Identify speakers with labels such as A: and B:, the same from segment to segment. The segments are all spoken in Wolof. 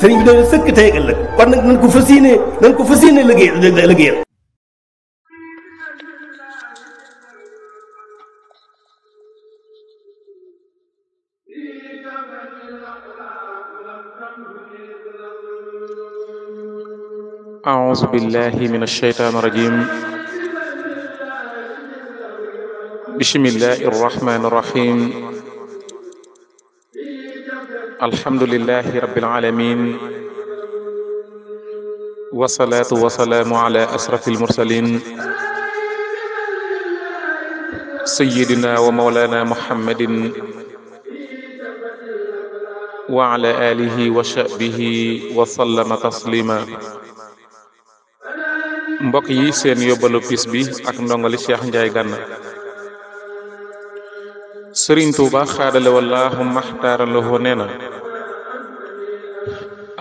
A: sëriñ bi doon sëkk tey ëllëg kon nag nañ ko fas yéene nañ ko fas yéene liggéey liggéeyal أعوذ بالله من الشيطان الرجيم بسم الله الرحمن الرحيم alhamdulilahi rabbil alamin wasalaatu wasalaamu ala asrafil mursalin sayyidina wa mawlana muhammadin wa alihi wa sahbihi wa sallama taslima mbokk yi seen yóbbalu bi ak ndongali Cheikh Ndiaye Gana sëriñ tuuba xaadale wallaahu maxtaara lahu nee na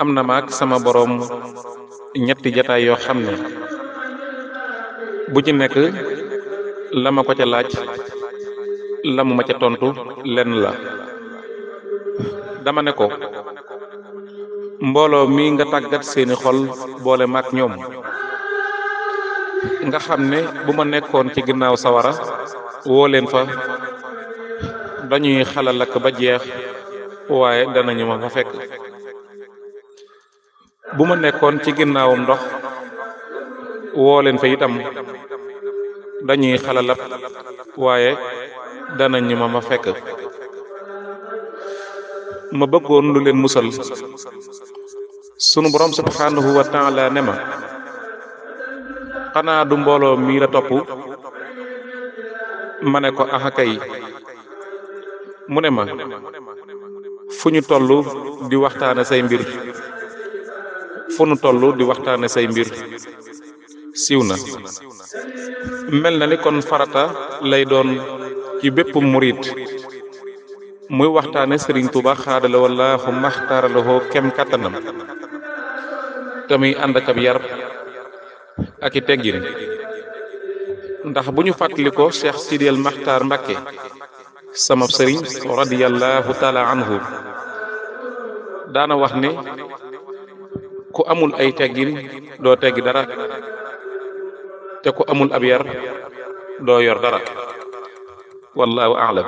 A: am na maag sama boroom ñetti jataay yoo xam ne bu ci nekk la ma ko ca laaj la mu ca tontu lenn la dama ne ko mbooloo mi nga tàggat seeni xol boole maag ñoom nga xam ne bu ma nekkoon ci ginnaaw sawara woo leen fa dañuy xalal ak ba jeex waaye ñu ma fa fekk bu ma nekkoon ci ginnaawum ndox woo leen fa itam dañuy xalalap waaye danañu ma ma fekk ma bëggoon lu leen musal sunu borom subhanahu wa taala ne ma xanaa du mbooloo mii la topp ma ne ko axa mu ne ma fu ñu toll di waxtaane say mbir fu ñu toll di waxtaane say mbir siiw na mel na ni kon farata lay doon ci bépp murit muy waxtaane sëriñ Tuuba xaadala wallaahu maxtaaralahoo kem kàttanam te muy ànd ak ab yar ak i teggin ndax bu ñu fàttali ko Cheikh Sidiel Maxtaar Mbakke sama sëriñ radiyallahu taala anhu daana wax ne ku amul ay teggin doo teggi dara te ku amul ab yar doo yor dara wallahu a'lam